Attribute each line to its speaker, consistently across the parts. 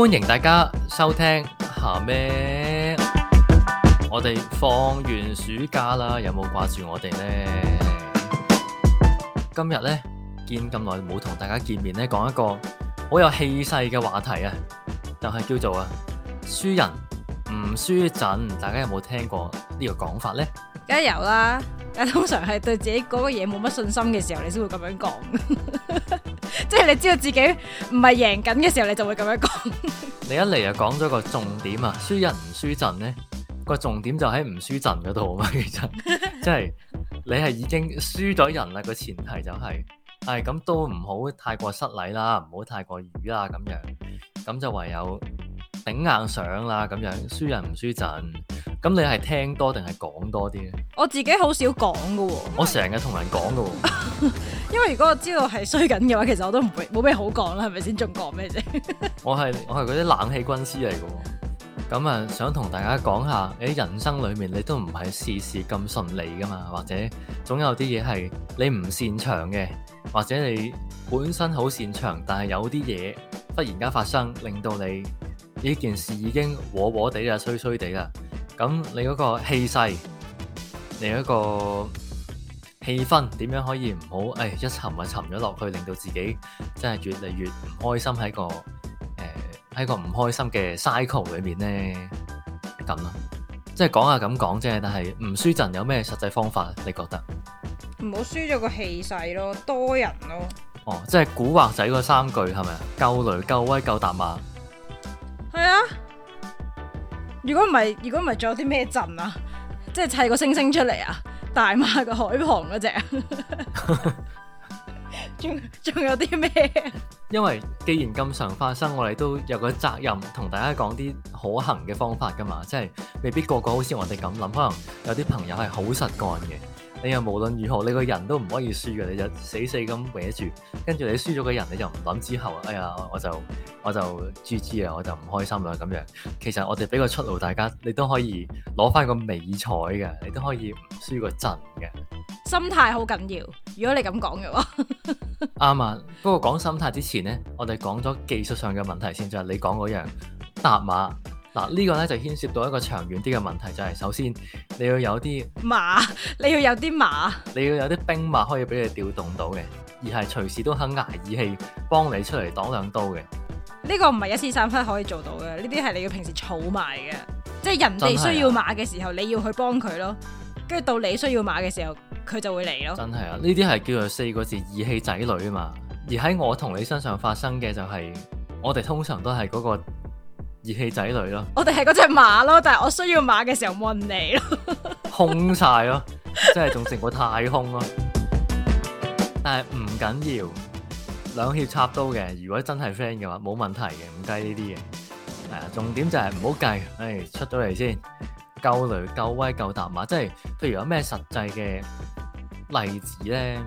Speaker 1: 歡迎大家收聽下咩？啊、我哋放完暑假啦，有冇掛住我哋呢？今日呢，見咁耐冇同大家見面呢，講一個好有氣勢嘅話題啊，就係叫做啊輸人唔輸陣，大家有冇聽過呢個講法呢？
Speaker 2: 梗係有啦，但通常係對自己嗰個嘢冇乜信心嘅時候，你先會咁樣講。 即係你知道自己唔係贏緊嘅時候，你就會咁樣講。
Speaker 1: 你一嚟就講咗個重點啊！輸人唔輸陣呢？個重點就喺唔輸陣嗰度啊嘛。其實即係你係已經輸咗人啦，個前提就係係咁都唔好太過失禮啦，唔好太過語啦咁樣。咁就唯有頂硬上啦咁樣，輸人唔輸陣。咁你係聽多定係講多啲？
Speaker 2: 我自己好少講噶、啊，
Speaker 1: 我成日同人講噶、啊。
Speaker 2: 因為如果我知道係衰緊嘅話，其實我都唔會冇咩好講啦，係咪先？仲講咩啫？
Speaker 1: 我係我係嗰啲冷氣軍師嚟嘅，咁啊想同大家講下，你人生裏面你都唔係事事咁順利噶嘛，或者總有啲嘢係你唔擅長嘅，或者你本身好擅長，但係有啲嘢忽然間發生，令到你呢件事已經和和地啊，衰衰地啦。咁你嗰個氣勢，你一個，嗰個。氣氛點樣可以唔好？誒、哎，一沉啊沉咗落去，令到自己真係越嚟越唔開心喺個誒喺、呃、個唔開心嘅 cycle 裏面呢，咁啦。即係講下咁講啫，但係唔輸陣有咩實際方法？你覺得？
Speaker 2: 唔好輸咗個氣勢咯，多人咯。
Speaker 1: 哦，即係古惑仔嗰三句係咪啊？夠雷夠威夠疊馬？
Speaker 2: 係啊。如果唔係，如果唔係，仲有啲咩陣啊？即係砌個星星出嚟啊？大馬個海旁嗰隻， 仲仲有啲咩？
Speaker 1: 因為既然咁常發生，我哋都有個責任同大家講啲可行嘅方法㗎嘛，即係未必個個好似我哋咁諗，可能有啲朋友係好實幹嘅。你又無論如何，你個人都唔可以輸嘅，你就死死咁歪住，跟住你輸咗嘅人你就唔諗之後。哎呀，我就我就 GG 啊，我就唔開心啦咁樣。其實我哋俾個出路，大家你都可以攞翻個美彩嘅，你都可以唔輸個陣嘅。
Speaker 2: 心態好緊要，如果你咁講嘅話，
Speaker 1: 啱 啊。不過講心態之前呢，我哋講咗技術上嘅問題先，就係你講嗰樣疊馬。嗱，個呢個咧就牽涉到一個長遠啲嘅問題，就係、是、首先你要有啲
Speaker 2: 馬，你要有啲馬，
Speaker 1: 你要有啲兵馬可以俾你調動到嘅，而係隨時都肯挨義氣幫你出嚟擋兩刀嘅。
Speaker 2: 呢個唔係一時三分可以做到嘅，呢啲係你要平時儲埋嘅，即係人哋需要馬嘅時候、啊、你要去幫佢咯，跟住到你需要馬嘅時候佢就會嚟咯。真係
Speaker 1: 啊，呢啲係叫做四個字義氣仔女啊嘛，而喺我同你身上發生嘅就係、是、我哋通常都係嗰、那個。熱氣仔女咯，
Speaker 2: 我哋係嗰隻馬咯，但係我需要馬嘅時候問你
Speaker 1: 咯，空晒咯，即係仲成個太空咯。 但係唔緊要，兩脅插刀嘅，如果真係 friend 嘅話，冇問題嘅，唔計呢啲嘢，係啊，重點就係唔好計，唉、哎，出咗嚟先，夠雷夠威夠疊馬，即係譬如有咩實際嘅例子咧？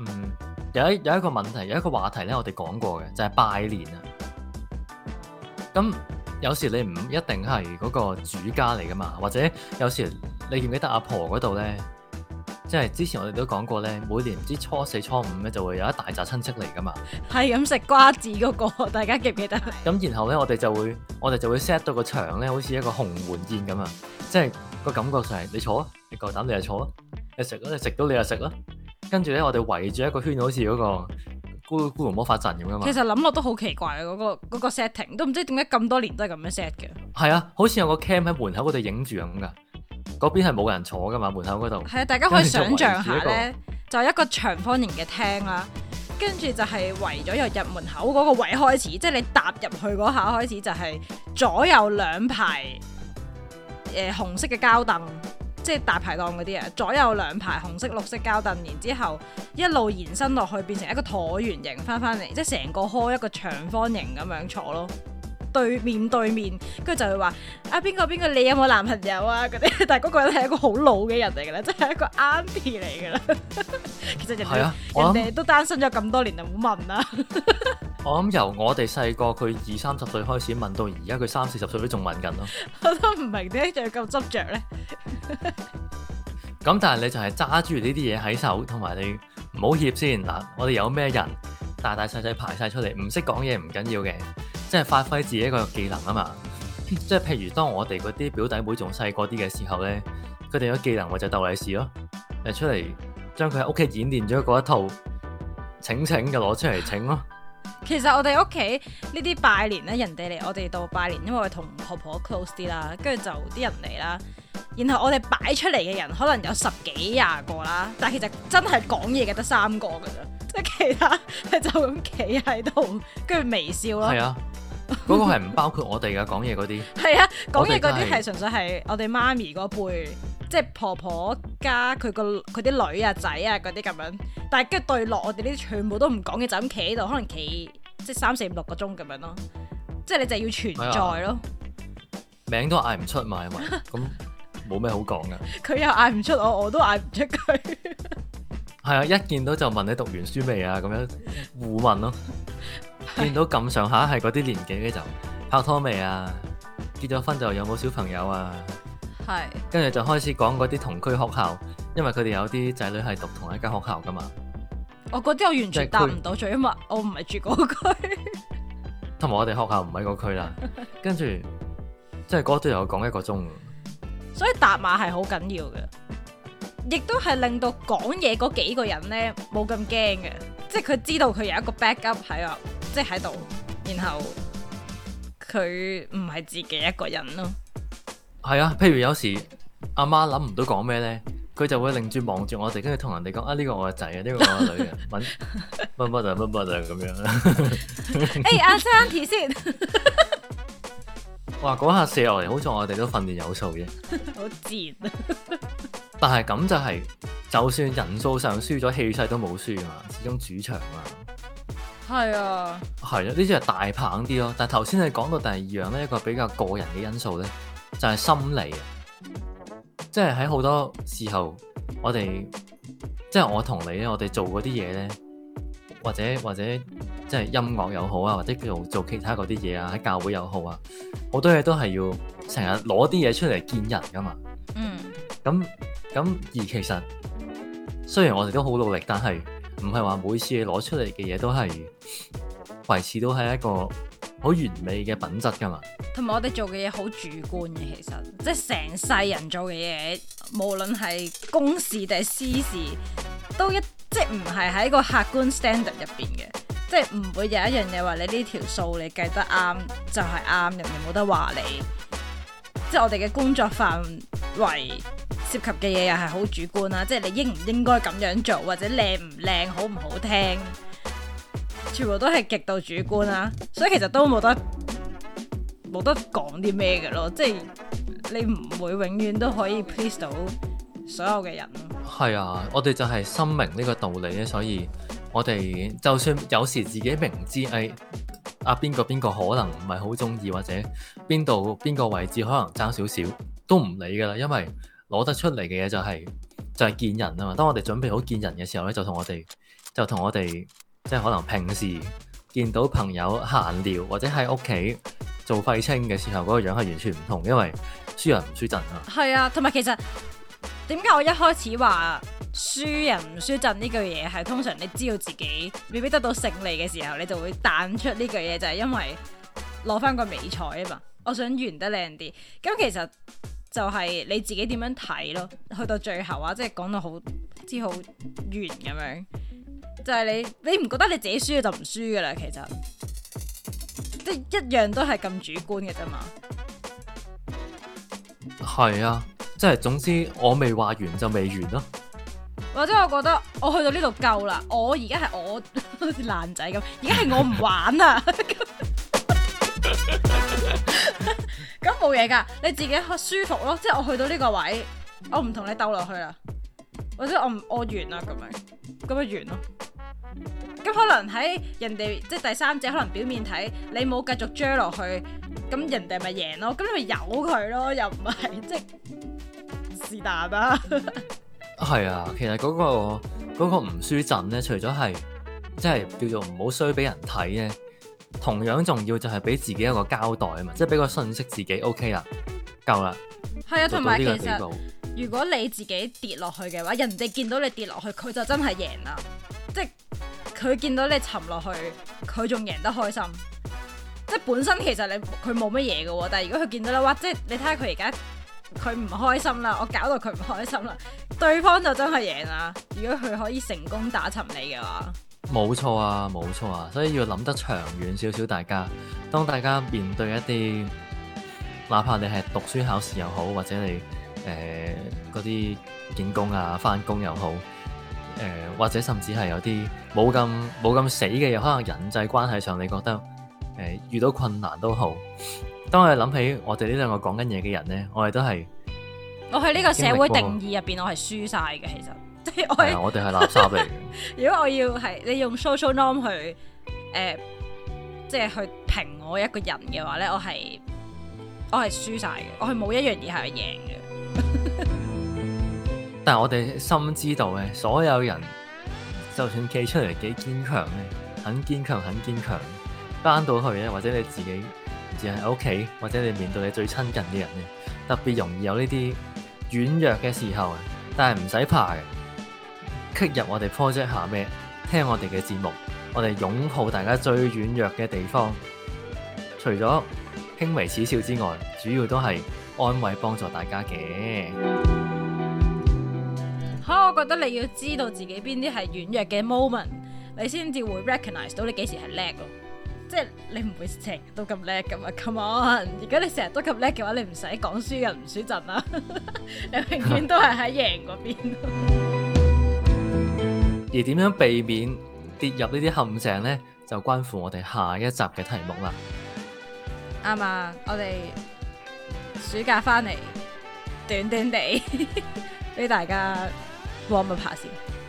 Speaker 1: 嗯，有一有一個問題，有一個話題咧，我哋講過嘅就係、是、拜年啊，咁。有時你唔一定係嗰個主家嚟噶嘛，或者有時你記唔記得阿婆嗰度咧，即係之前我哋都講過咧，每年唔知初四初五咧就會有一大紮親戚嚟噶嘛，
Speaker 2: 係咁食瓜子嗰個，大家記唔記得？
Speaker 1: 咁然後咧我哋就會我哋就會 set 到個場咧，好似一個鴻門宴咁啊，即係個感覺就係你坐，你夠膽你就坐，你食你食到你就食啦，跟住咧我哋圍住一個圈好似嗰個。孤孤魔法陣咁噶嘛？其實諗
Speaker 2: 落都好奇怪啊，嗰、嗰個、嗰個 setting 都唔知點解咁多年都係咁樣 set 嘅。
Speaker 1: 係啊，好似有個 cam 喺門口嗰度影住咁噶，嗰邊係冇人坐噶嘛？門口嗰度係啊，大家可以想象下咧，一
Speaker 2: 個就一個長方形嘅廳啦，跟住就係圍咗由入門口嗰個位開始，即係你踏入去嗰下開始就係左右兩排誒、呃、紅色嘅膠凳。即係大排檔嗰啲啊，左右兩排紅色、綠色膠凳，然之後一路延伸落去，變成一個橢圓形，翻翻嚟，即係成個呵一個長方形咁樣坐咯。對面對面，跟住就會話：啊，邊個邊個，你有冇男朋友啊？嗰啲，但係嗰個人係一個好老嘅人嚟噶啦，即係一個 Auntie 嚟噶啦。 其實人哋、啊、人哋都單身咗咁多年就，就唔好問啦。
Speaker 1: 我諗由我哋細個，佢二三十歲開始問到而家，佢三四十歲都仲問緊咯。我
Speaker 2: 都唔明點解仲要咁執着咧。
Speaker 1: 咁 但係你就係揸住呢啲嘢喺手，同埋你唔好怯先嗱。我哋有咩人，大大細細排曬出嚟，唔識講嘢唔緊要嘅，即係發揮自己一個技能啊嘛。 即係譬如當我哋嗰啲表弟妹仲細個啲嘅時候咧，佢哋有技能我就鬥利是咯，誒出嚟將佢喺屋企演練咗嗰一套請請就攞出嚟請咯。
Speaker 2: 其實我哋屋企呢啲拜年咧，人哋嚟我哋度拜年，因為同婆婆 close 啲啦，跟住就啲人嚟啦。然後我哋擺出嚟嘅人可能有十幾廿個啦，但係其實真係講嘢嘅得三個噶咋，即係其他係就咁企喺度，跟住微笑咯。係啊，
Speaker 1: 嗰、嗰個係唔包括我哋噶講嘢嗰啲。係
Speaker 2: 啊，講嘢嗰啲係純粹係我哋媽咪嗰輩，即係婆婆加佢個佢啲女啊仔啊嗰啲咁樣。但係跟住對落我哋呢啲全部都唔講嘢，就咁企喺度，可能企即係三四五六個鐘咁樣咯。即係你就要存在咯，啊、
Speaker 1: 名都嗌唔出埋啊嘛，咁。 冇咩好講噶，
Speaker 2: 佢又嗌唔出我，我都嗌唔出佢。
Speaker 1: 係 啊，一見到就問你讀完書未啊，咁樣互問咯。見到咁上下係嗰啲年紀嘅就拍拖未啊？結咗婚就有冇小朋友啊？
Speaker 2: 係是。
Speaker 1: 跟住就開始講嗰啲同區學校，因為佢哋有啲仔女係讀同一間學校噶嘛。
Speaker 2: 我覺得我完全答唔到嘴，因為， 我唔係住嗰區。
Speaker 1: 同埋我哋學校唔喺嗰區啦，跟住即係嗰度又講一個鐘。
Speaker 2: 所以疊馬係好緊要嘅，亦都係令到講嘢嗰幾個人咧冇咁驚嘅，即係佢知道佢有一個 backup 喺度，即係喺度，然後佢唔係自己一個人咯。
Speaker 1: 係啊，譬如有時阿媽諗唔到講咩咧，佢就會擰住望住我哋，跟住同人哋講啊，呢個我嘅仔啊，呢個我嘅女啊，乜乜就乜乜就咁樣。誒、 欸，
Speaker 2: 阿 Sandy 先。
Speaker 1: 哇，嗰下射落嚟，好似我哋都訓練有素嘅，
Speaker 2: 好賤啊！
Speaker 1: 但係咁就係、是，就算人數上輸咗，氣勢都冇輸啊嘛，始終主場嘛啊。
Speaker 2: 係啊，
Speaker 1: 係啊，呢啲係大棒啲咯。但係頭先你講到第二樣呢，一個比較個人嘅因素咧，就係、是、心理，即係喺好多時候我哋，即係我同你咧，我哋、就是、做嗰啲嘢咧，或者或者即係、就是、音樂又好啊，或者做做其他嗰啲嘢啊，喺教會又好啊。好多嘢都係要成日攞啲嘢出嚟見人㗎嘛，咁咁、嗯、而其實雖然我哋都好努力，但係唔係話每次攞出嚟嘅嘢都係維持到係一個好完美嘅品質㗎嘛。
Speaker 2: 同埋我哋做嘅嘢好主觀嘅，其實即係成世人做嘅嘢，無論係公事定係私事，都一即係唔係喺個客觀 standard 入邊嘅。即係唔會有一樣嘢話你呢條數你計得啱就係啱，人哋冇得話你。即係我哋嘅工作範圍涉及嘅嘢又係好主觀啦，即係你應唔應該咁樣做，或者靚唔靚，好唔好聽，全部都係極度主觀啦。所以其實都冇得冇得講啲咩嘅咯，即係你唔會永遠都可以 please 到所有嘅人。
Speaker 1: 係啊，我哋就係深明呢個道理咧，所以。我哋就算有時自己明知，哎啊邊個邊個可能唔係好中意，或者邊度邊個位置可能爭少少，都唔理噶啦。因為攞得出嚟嘅嘢就係就係見人啊嘛。當我哋準備好見人嘅時候咧，就同我哋就同我哋即係可能平時見到朋友閒聊或者喺屋企做廢青嘅時候嗰個樣係完全唔同，因為輸人唔輸陣啊。
Speaker 2: 係啊，同埋其實點解我一開始話？輸人唔輸陣呢句嘢，係通常你知道自己未必得到勝利嘅時候，你就會彈出呢句嘢，就係、是、因為攞翻個尾彩啊嘛。我想完得靚啲，咁其實就係你自己點樣睇咯。去到最後啊，即係講到好之好完咁樣，就係、是、你你唔覺得你自己輸就唔輸噶啦？其實即一樣都係咁主觀嘅啫嘛。
Speaker 1: 係啊，即係總之我未話完就未完咯、啊。
Speaker 2: 或者我覺得我去到呢度夠啦，我而家係我好似爛仔咁，而家係我唔玩啦。咁冇嘢㗎，你自己舒服咯。即係我去到呢個位，我唔同你鬥落去啦。或者我唔我完啦，咁咪咁咪完咯。咁可能喺人哋即係第三者，可能表面睇你冇繼續追落去，咁人哋咪贏咯。咁你咪由佢咯，又唔係即係是但啊。
Speaker 1: 係啊，其實嗰個、嗰個唔輸陣咧，除咗係即係叫做唔好衰俾人睇咧，同樣重要就係俾自己一個交代啊嘛，即係俾個信息自己 O K 啦，夠啦。
Speaker 2: 係啊，同埋的其實如果你自己跌落去嘅話，人哋見到你跌落去，佢就真係贏啦。即係佢見到你沉落去，佢仲贏得開心。即係本身其實你佢冇乜嘢噶，但係如果佢見到咧，哇！即係你睇下佢而家。佢唔開心啦，我搞到佢唔開心啦，對方就真係贏啦。如果佢可以成功打沉你嘅話，
Speaker 1: 冇錯啊，冇錯啊，所以要諗得長遠少少。大家當大家面對一啲，哪怕你係讀書考試又好，或者你誒嗰啲見工啊、返工又好，誒、呃、或者甚至係有啲冇咁冇咁死嘅嘢，可能人際關係上你覺得誒、呃、遇到困難都好。當我哋諗起我哋呢兩個講緊嘢嘅人咧，我哋都係
Speaker 2: 我喺呢個社會定義入邊，我係輸晒嘅。其實，即
Speaker 1: 係我 我哋係垃圾嚟。
Speaker 2: 如果我要係你用 social norm 去誒、呃，即係去評我一個人嘅話咧，我係我係輸晒嘅。我係冇一樣嘢係贏嘅。
Speaker 1: 但係我哋深知道嘅，所有人就算企出嚟幾堅強咧，很堅強，很堅強，翻到去咧，或者你自己。喺屋企或者你面對你最親近嘅人咧，特別容易有呢啲軟弱嘅時候啊！但係唔使怕嘅，吸 入我哋 project 下咩？聽我哋嘅節目，我哋擁抱大家最軟弱嘅地方。除咗輕微恥笑之外，主要都係安慰幫助大家嘅。
Speaker 2: 嚇！我覺得你要知道自己邊啲係軟弱嘅 moment，你先至會 recognize 到你幾時係叻。即係你唔會成日都咁叻㗎嘛？Come on！如果你成日都咁叻嘅話，你唔使講輸人唔輸陣啦， 你永遠都係喺贏嗰邊。
Speaker 1: 而點樣避免跌入呢啲陷阱咧，就關乎我哋下一集嘅題目啦。
Speaker 2: 啱啊！ 我哋暑假翻嚟短短地，俾 大家玩個開心。哦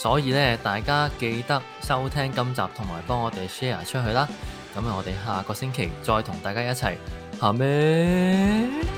Speaker 1: 所以呢，大家記得收聽今集，同埋幫我哋 share 出去啦。咁我哋下個星期再同大家一齊好咩？